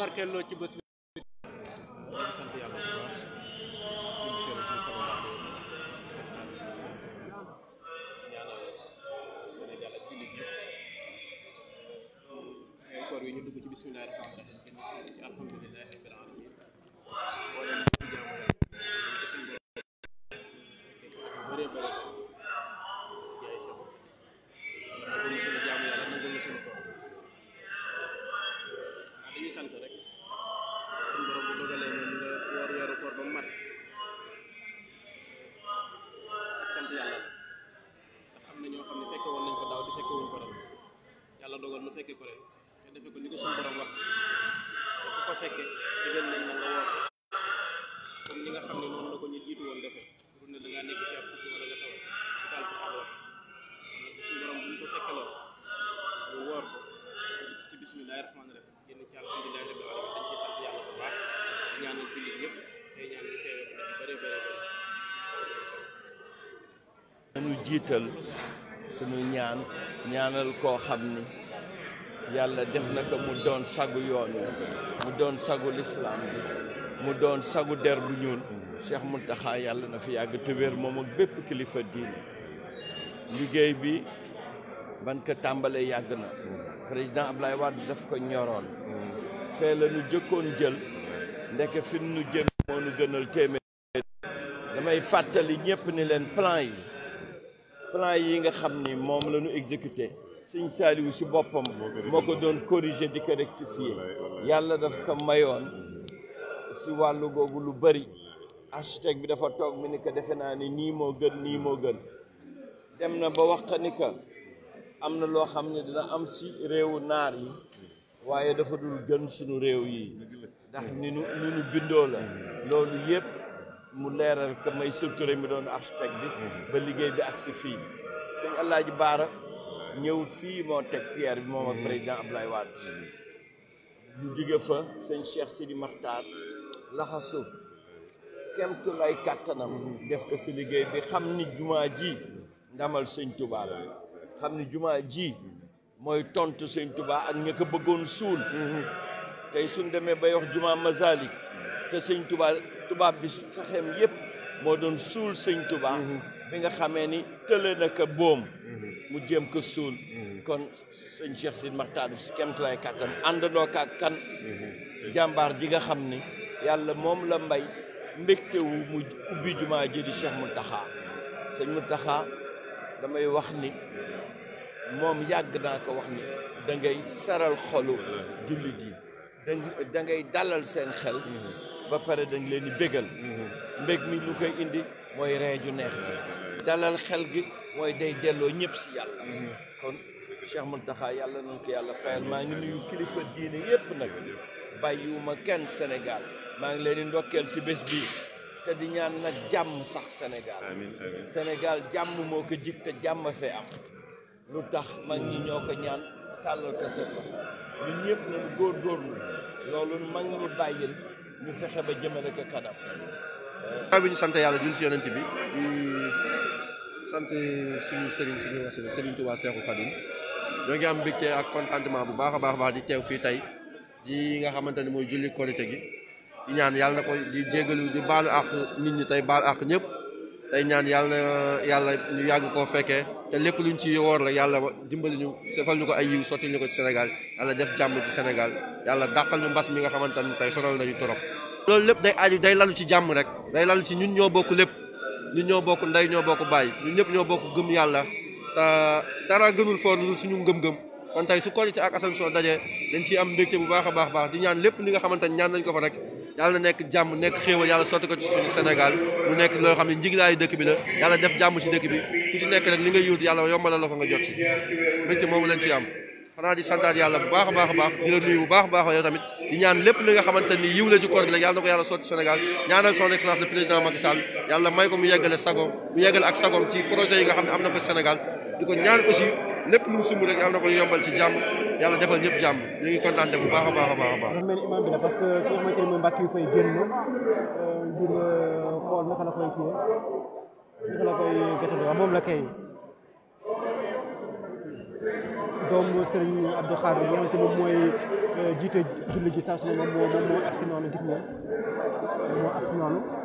barkeeloo ci bés bi sant yàlla bu baax koor wi ñu dugg ci bismillahi rahmaani rahim génn ci alhamdulillahi rabbil alamin wala ñu jaamu yàlla fekkee ni nga xam ne noonu la ko ñu jiitu woon defe pour ne da nekk ci ab suñu borom bu ko fekkaloo ñu ci bismillahi rahmaani rahim génn ci alhamdulilahi rabbil di ñaanal jullit yëpp tey ñaan ñu teewe ko di bëree jiital suñu ñaan ñaanal koo xam ni yàlla def na ko mu doon sagu yoon mu doon sagu lislaam bi mu doon sagu der bu ñuul Cheikh Mountakha yàlla na fi yàgg te wér moom ak bépp kilifa diine liggéey bi ban ko tàmbalee yàgg na président Ablaye Wade daf ko ñoroon fee la nu jëkkoon jël ndeke fi nu jëm moo nu gënal téeméer damay fàttali ñëpp ni leen plan yi plan yi nga xam ni moom la ñu exécuté sëñ Saaliwu si boppam moo ko doon corriger di ko rectifier yàlla daf ko mayoon si wàllu googu lu bari architecte bi dafa toog mi ni ko defe naa ni nii moo gën nii moo gën dem na ba wax ni ka am na loo xam ne dina am si réewu naar yi waaye dafa dul gën suñu réew yi ndax ni nu ni nu bindoo la loolu yëpp mu leeral ka may structure mi doon architecte bi ba liggéey bi ak si fii sëñ Alaaji Baara ñëw fii moo teg pierre bi moom ak président Abdoulaye Wade ñu jóge fa sëñ Cheikh Sidi Makhtar laxasu kemtu lay kàttanam def ko si liggéey bi xam ni jumaa ji ndamal sëñ Touba la xam ni jumaa ji mooy tontu sëñ Touba ak ña ko bëggoon suul tey suñ demee bay wax jumaa Masalik te sëñ Touba tubaab bi fexeem yépp moo doon suul sëñ Touba bi nga xamee ni tële na mu jéem ko suul kon sëñ Cheikh Sidi Maxtaar def si kemtulaay kàttan àndandoo kaak kan jàmbaar ji nga xam ni yàlla moom la mbay mbégte wu mu ubbi jumaa ji mu Cheikh Mountakha mu Mountakha damay wax ni moom yàgg naa ko wax ni da ngay saral xolu jullit yi da dalal seen xel ba pare dañ leen di bégal mm-hmm. mi lu koy indi mooy ree ju neex dalal xel gi mooy day delloo ñëpp si yàlla mhm. kon Cheikh Mountakha yàlla nañ ko yàlla fayal maa ngi nuyu kilifa diine yëpp nag ma kenn senegaal maa ngi leen di ndokkeel si bés bii te di ñaan nag jàmm sax Sénégal Sénégal jàmm moo ko jig te jàmm fee am lu tax mag ñi ñoo ko ñaan tàllal ko seen loxo ñun ñëpp nañu góor góorlu loolu mag ñu bàyyil ñu fexe ba jëmale ko kanam. bi ñu sant yàlla jun si yonent bi sant suñu Serigne suñu wasila Serigne Touba Cheikhou Khadim ñoo ngi am mbégte ak contentement bu baax a baax baax di teew fii tey di nga xamante ne mooy julli korite gi di ñaan yàlla na ko di jégalu di baalu àq nit ñi tey baalu àq ñëpp tey ñaan yàlla na yàlla ñu yàgg koo fekkee te lépp luñ ci woor la yàlla dimbali ñu defal ñu ko ay yiw sotti ñu ko ci Sénégal yàlla def jàmm ci Sénégal yàlla dàqal ñu mbas mi nga xamante ne tey sonal nañu torop loolu lépp day aju day lalu ci jàmm rek day lépp ñu ñoo bokk ndey ñoo bokk bàyyi ñun ñëpp ñoo bokk gëm yàlla te dara gënul foor lu suñu ngëm-ngëm kon tey su Korité ak Ascension dajee dañ ci am mbégte bu baax a baax baax di ñaan lépp li nga xamante ne ñaan nañ ko fa rek yàlla na nekk jàmm nekk xéewal yàlla sotti ko ci suñu mu nekk loo xam ne njiglaayu dëkk bi la yàlla def jàmm ci dëkk bi ku ci nekk rek li nga yuut yàlla yombalal la ko nga jot si mbégte moomu lañ ci am xanaa di santaat yàlla bu baax a baax a baax di la di ñaan lépp li nga xamante ni yiw la ci koor gi rek yàlla na ko yàlla sotti Sénégal ñaanal son excellence le président Macky Sall yàlla may ko mu yeggale sagoom mu yeggale ak sagoom ci projet yi nga xam ne am na ko Sénégal di ko ñaan aussi lépp lu mu sumb rek yàlla na ko yombal ci jàmm yàlla defal ñëpp jàmm ñu ngi kontaan bu baax a baax a baax a baax. mel imam bi la parce que ki nga xamante ne mooy mbàkk yu fay génn euh, ngir euh, koy kiiyee naka moom la kay doomu Serigne Abdou Khadre mooy. jiite julli ji saa su ne moom moo moom moo agsi noonu gis nga